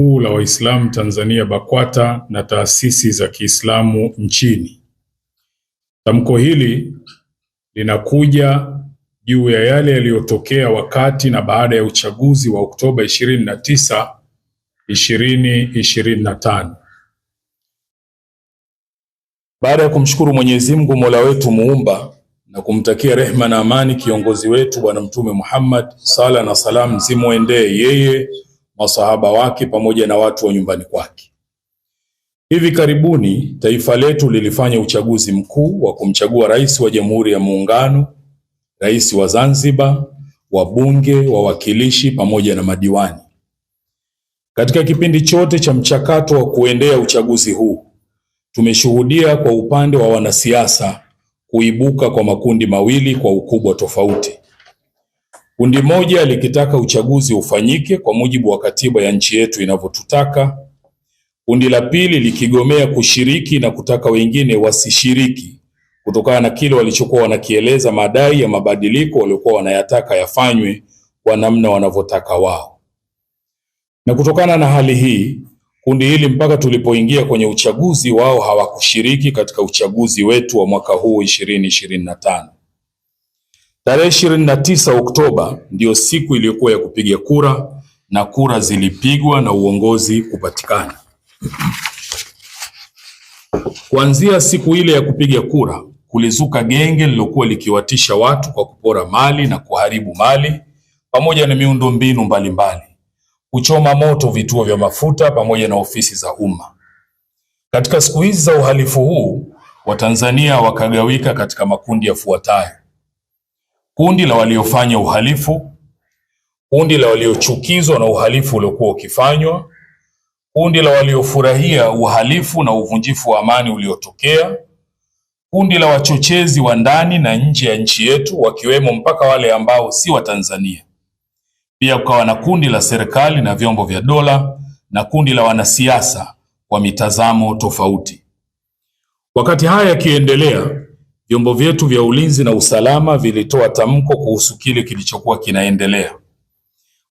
kuu la Waislamu Tanzania BAKWATA na taasisi za Kiislamu nchini. Tamko hili linakuja juu ya yale yaliyotokea wakati na baada ya uchaguzi wa Oktoba 29, 2025. Baada ya kumshukuru Mwenyezi Mungu Mola wetu muumba na kumtakia rehma na amani kiongozi wetu Bwana Mtume Muhammad, sala na salam zimwendee yeye masahaba wake pamoja na watu wa nyumbani kwake. Hivi karibuni taifa letu lilifanya uchaguzi mkuu wa kumchagua rais wa Jamhuri ya Muungano, rais wa Zanzibar, wabunge, wawakilishi pamoja na madiwani. Katika kipindi chote cha mchakato wa kuendea uchaguzi huu, tumeshuhudia kwa upande wa wanasiasa kuibuka kwa makundi mawili kwa ukubwa tofauti. Kundi moja likitaka uchaguzi ufanyike kwa mujibu wa katiba ya nchi yetu inavyotutaka. Kundi la pili likigomea kushiriki na kutaka wengine wasishiriki kutokana na kile walichokuwa wanakieleza, madai ya mabadiliko waliokuwa wanayataka yafanywe kwa namna wanavyotaka wao. Na kutokana na hali hii, kundi hili mpaka tulipoingia kwenye uchaguzi, wao hawakushiriki katika uchaguzi wetu wa mwaka huu 2025. Tarehe ishirini na tisa Oktoba ndiyo siku iliyokuwa ya kupiga kura na kura zilipigwa na uongozi kupatikana. Kuanzia siku ile ya kupiga kura kulizuka genge lilokuwa likiwatisha watu kwa kupora mali na kuharibu mali pamoja na miundo mbinu mbalimbali, kuchoma moto vituo vya mafuta pamoja na ofisi za umma. Katika siku hizi za uhalifu huu, Watanzania wakagawika katika makundi yafuatayo: kundi la waliofanya uhalifu, kundi la waliochukizwa na uhalifu uliokuwa ukifanywa, kundi la waliofurahia uhalifu na uvunjifu wa amani uliotokea, kundi la wachochezi wa ndani na nje ya nchi yetu, wakiwemo mpaka wale ambao si wa Tanzania. Pia kukawa na kundi la serikali na vyombo vya dola na kundi la wanasiasa kwa mitazamo tofauti. Wakati haya yakiendelea Vyombo vyetu vya ulinzi na usalama vilitoa tamko kuhusu kile kilichokuwa kinaendelea.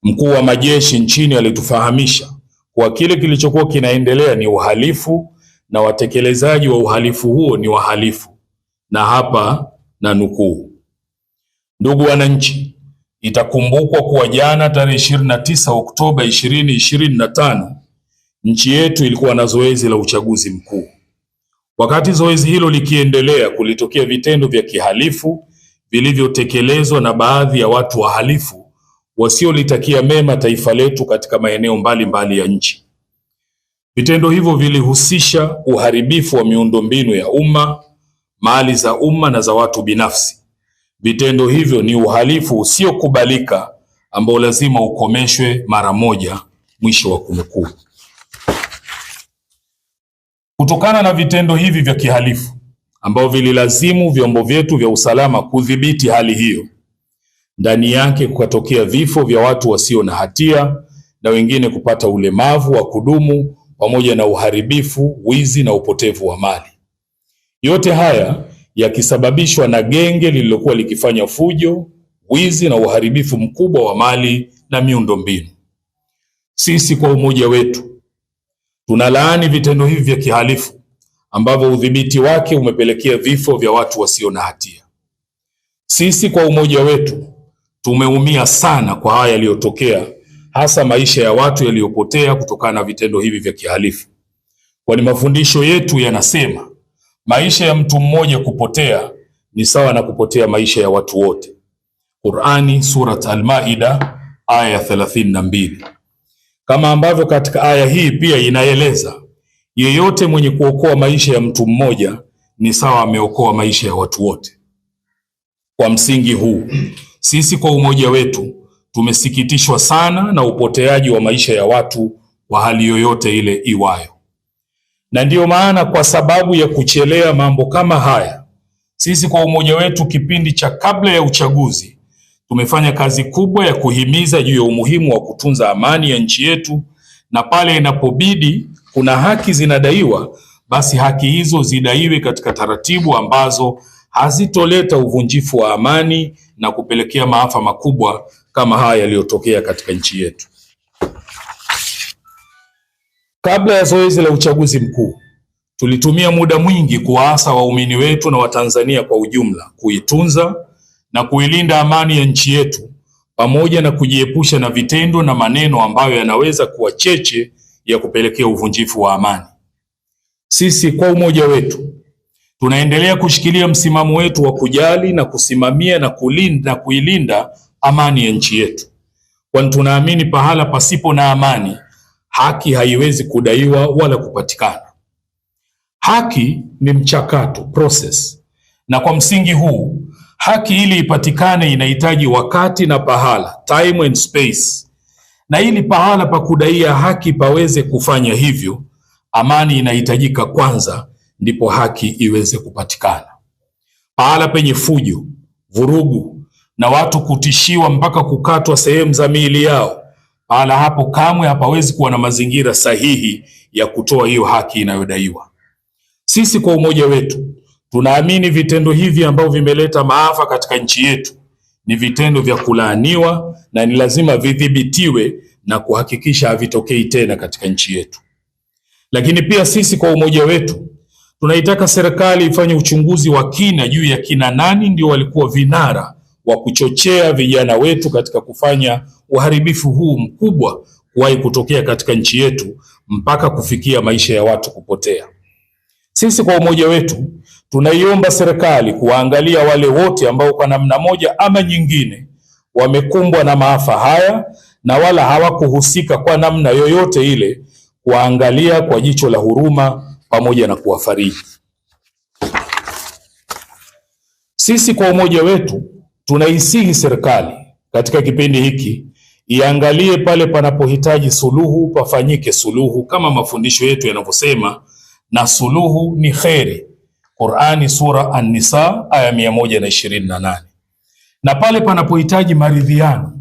Mkuu wa majeshi nchini alitufahamisha kuwa kile kilichokuwa kinaendelea ni uhalifu na watekelezaji wa uhalifu huo ni wahalifu, na hapa na nukuu. Ndugu wananchi, itakumbukwa kuwa jana tarehe 29 Oktoba 2025 nchi yetu ilikuwa na zoezi la uchaguzi mkuu. Wakati zoezi hilo likiendelea, kulitokea vitendo vya kihalifu vilivyotekelezwa na baadhi ya watu wahalifu wasiolitakia mema taifa letu katika maeneo mbalimbali ya nchi. Vitendo hivyo vilihusisha uharibifu wa miundombinu ya umma, mali za umma na za watu binafsi. Vitendo hivyo ni uhalifu usiokubalika ambao lazima ukomeshwe mara moja. Mwisho wa kunukuu. Kutokana na vitendo hivi vya kihalifu ambavyo vililazimu vyombo vyetu vya usalama kudhibiti hali hiyo, ndani yake kukatokea vifo vya watu wasio na hatia na wengine kupata ulemavu wa kudumu pamoja na uharibifu, wizi na upotevu wa mali. Yote haya yakisababishwa na genge lililokuwa likifanya fujo, wizi na uharibifu mkubwa wa mali na miundombinu. Sisi kwa umoja wetu Tunalaani vitendo hivi vya kihalifu ambavyo udhibiti wake umepelekea vifo vya watu wasio na hatia. Sisi kwa umoja wetu tumeumia sana kwa haya yaliyotokea, hasa maisha ya watu yaliyopotea kutokana na vitendo hivi vya kihalifu, kwani mafundisho yetu yanasema maisha ya mtu mmoja kupotea ni sawa na kupotea maisha ya watu wote. Qur'ani, Surat Al-Maida aya ya 32 kama ambavyo katika aya hii pia inaeleza yeyote mwenye kuokoa maisha ya mtu mmoja ni sawa ameokoa maisha ya watu wote. Kwa msingi huu, sisi kwa umoja wetu tumesikitishwa sana na upoteaji wa maisha ya watu wa hali yoyote ile iwayo, na ndiyo maana kwa sababu ya kuchelea mambo kama haya, sisi kwa umoja wetu kipindi cha kabla ya uchaguzi Tumefanya kazi kubwa ya kuhimiza juu ya umuhimu wa kutunza amani ya nchi yetu, na pale inapobidi kuna haki zinadaiwa, basi haki hizo zidaiwe katika taratibu ambazo hazitoleta uvunjifu wa amani na kupelekea maafa makubwa kama haya yaliyotokea katika nchi yetu. Kabla ya zoezi la uchaguzi mkuu, tulitumia muda mwingi kuwaasa waumini wetu na Watanzania kwa ujumla kuitunza na kuilinda amani ya nchi yetu pamoja na kujiepusha na vitendo na maneno ambayo yanaweza kuwa cheche ya kupelekea uvunjifu wa amani. Sisi kwa umoja wetu tunaendelea kushikilia msimamo wetu wa kujali na kusimamia na kulinda na kuilinda amani ya nchi yetu, kwani tunaamini pahala pasipo na amani haki haiwezi kudaiwa wala kupatikana. Haki ni mchakato, process, na kwa msingi huu Haki ili ipatikane inahitaji wakati na pahala, time and space, na ili pahala pa kudaia haki paweze kufanya hivyo, amani inahitajika kwanza, ndipo haki iweze kupatikana. Pahala penye fujo, vurugu na watu kutishiwa mpaka kukatwa sehemu za miili yao, pahala hapo kamwe hapawezi kuwa na mazingira sahihi ya kutoa hiyo haki inayodaiwa. Sisi kwa umoja wetu Tunaamini vitendo hivi ambavyo vimeleta maafa katika nchi yetu ni vitendo vya kulaaniwa na ni lazima vidhibitiwe na kuhakikisha havitokei tena katika nchi yetu. Lakini pia sisi kwa umoja wetu tunaitaka serikali ifanye uchunguzi wa kina juu ya kina nani ndio walikuwa vinara wa kuchochea vijana wetu katika kufanya uharibifu huu mkubwa kuwahi kutokea katika nchi yetu mpaka kufikia maisha ya watu kupotea. Sisi kwa umoja wetu tunaiomba serikali kuwaangalia wale wote ambao kwa namna moja ama nyingine wamekumbwa na maafa haya na wala hawakuhusika kwa namna yoyote ile, kuwaangalia kwa jicho la huruma pamoja na kuwafariji. Sisi kwa umoja wetu tunaisihi serikali katika kipindi hiki iangalie pale panapohitaji suluhu, pafanyike suluhu kama mafundisho yetu yanavyosema na suluhu ni kheri. Qurani sura An-Nisa aya 128. na Na pale panapohitaji maridhiano,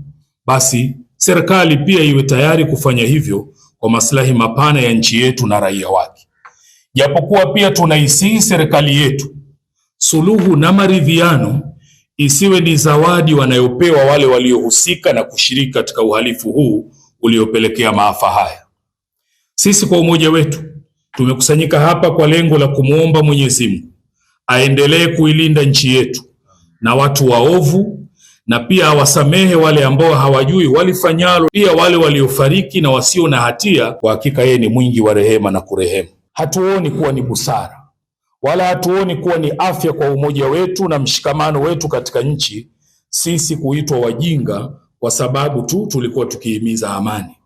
basi serikali pia iwe tayari kufanya hivyo kwa maslahi mapana ya nchi yetu na raia wake. Japokuwa pia tunaisihi serikali yetu, suluhu na maridhiano isiwe ni zawadi wanayopewa wale waliohusika na kushiriki katika uhalifu huu uliopelekea maafa haya. Sisi kwa umoja wetu Tumekusanyika hapa kwa lengo la kumwomba Mwenyezi Mungu aendelee kuilinda nchi yetu na watu waovu, na pia awasamehe wale ambao hawajui walifanyalo, pia wale waliofariki na wasio na hatia. Kwa hakika yeye ni mwingi wa rehema na kurehemu. Hatuoni kuwa ni busara wala hatuoni kuwa ni afya kwa umoja wetu na mshikamano wetu katika nchi, sisi kuitwa wajinga kwa sababu tu tulikuwa tukihimiza amani.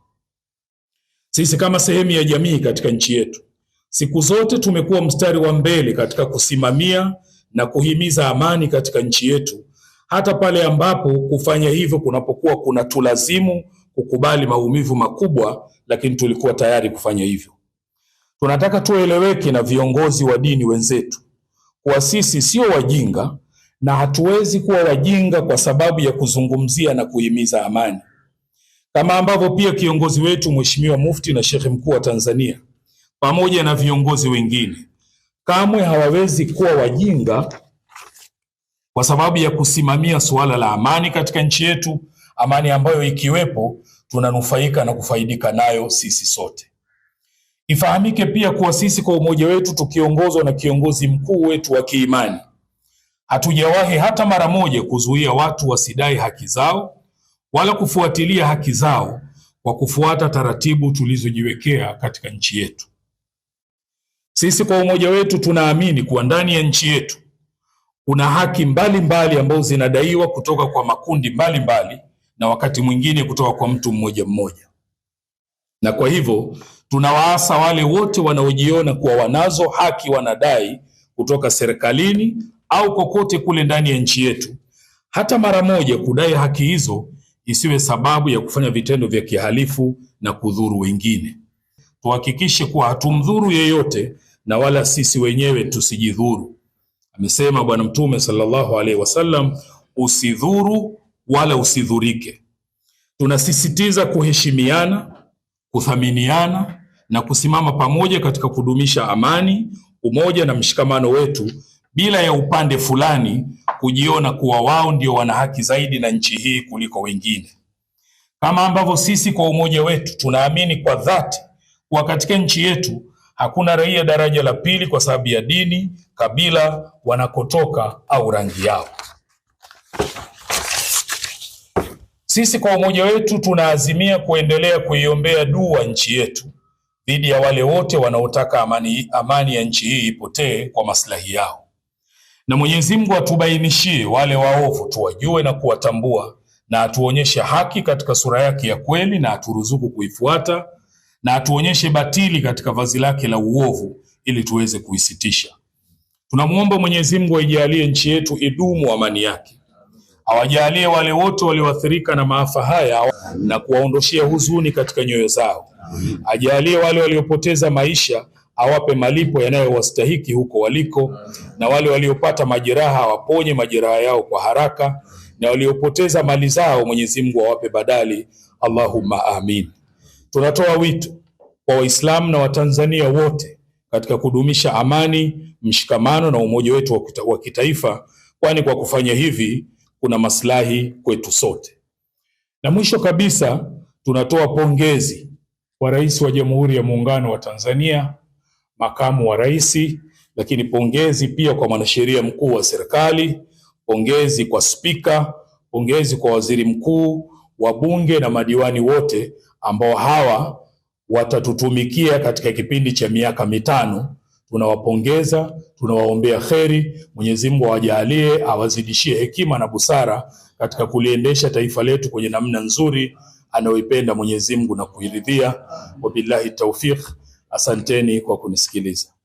Sisi kama sehemu ya jamii katika nchi yetu Siku zote tumekuwa mstari wa mbele katika kusimamia na kuhimiza amani katika nchi yetu, hata pale ambapo kufanya hivyo kunapokuwa kuna tulazimu kukubali maumivu makubwa, lakini tulikuwa tayari kufanya hivyo. Tunataka tueleweke na viongozi wa dini wenzetu kuwa sisi sio wajinga na hatuwezi kuwa wajinga kwa sababu ya kuzungumzia na kuhimiza amani, kama ambavyo pia kiongozi wetu Mheshimiwa Mufti na Sheikh Mkuu wa Tanzania pamoja na viongozi wengine kamwe hawawezi kuwa wajinga kwa sababu ya kusimamia suala la amani katika nchi yetu, amani ambayo ikiwepo tunanufaika na kufaidika nayo sisi sote. Ifahamike pia kuwa sisi kwa umoja wetu tukiongozwa na kiongozi mkuu wetu wa kiimani, hatujawahi hata mara moja kuzuia watu wasidai haki zao wala kufuatilia haki zao kwa kufuata taratibu tulizojiwekea katika nchi yetu. Sisi kwa umoja wetu tunaamini kuwa ndani ya nchi yetu kuna haki mbalimbali ambazo zinadaiwa kutoka kwa makundi mbalimbali mbali, na wakati mwingine kutoka kwa mtu mmoja mmoja, na kwa hivyo tunawaasa wale wote wanaojiona kuwa wanazo haki wanadai kutoka serikalini au kokote kule ndani ya nchi yetu, hata mara moja kudai haki hizo isiwe sababu ya kufanya vitendo vya kihalifu na kudhuru wengine. Tuhakikishe kuwa hatumdhuru yeyote na wala sisi wenyewe tusijidhuru. Amesema Bwana Mtume sallallahu alaihi wasallam, usidhuru wala usidhurike. Tunasisitiza kuheshimiana, kuthaminiana na kusimama pamoja katika kudumisha amani, umoja na mshikamano wetu bila ya upande fulani kujiona kuwa wao ndio wana haki zaidi na nchi hii kuliko wengine, kama ambavyo sisi kwa umoja wetu tunaamini kwa dhati kuwa katika nchi yetu Hakuna raia daraja la pili kwa sababu ya dini, kabila, wanakotoka au rangi yao. Sisi kwa umoja wetu tunaazimia kuendelea kuiombea dua nchi yetu dhidi ya wale wote wanaotaka amani, amani ya nchi hii ipotee kwa maslahi yao, na Mwenyezi Mungu atubainishie wale waovu, tuwajue na kuwatambua, na atuonyeshe haki katika sura yake ya kweli, na aturuzuku kuifuata na atuonyeshe batili katika vazi lake la uovu ili tuweze kuisitisha. Tunamuomba Mwenyezi Mungu aijalie nchi yetu idumu amani yake, awajalie wale wote walioathirika na maafa haya na kuwaondoshea huzuni katika nyoyo zao. Ajalie wale waliopoteza maisha awape malipo yanayowastahiki huko waliko, na wale waliopata majeraha awaponye majeraha yao kwa haraka, na waliopoteza mali zao Mwenyezi Mungu awape badali. Allahumma amin. Tunatoa wito kwa Waislamu na Watanzania wote katika kudumisha amani, mshikamano na umoja wetu wa kitaifa, kwani kwa kufanya hivi kuna maslahi kwetu sote. Na mwisho kabisa, tunatoa pongezi kwa Rais wa Jamhuri ya Muungano wa Tanzania, makamu wa rais, lakini pongezi pia kwa mwanasheria mkuu wa serikali, pongezi kwa spika, pongezi kwa waziri mkuu wabunge na madiwani wote ambao hawa watatutumikia katika kipindi cha miaka mitano. Tunawapongeza, tunawaombea kheri. Mwenyezi Mungu awajalie, awazidishie hekima na busara katika kuliendesha taifa letu kwenye namna nzuri anayoipenda Mwenyezi Mungu na kuiridhia. Wabillahi tawfiq. Asanteni kwa kunisikiliza.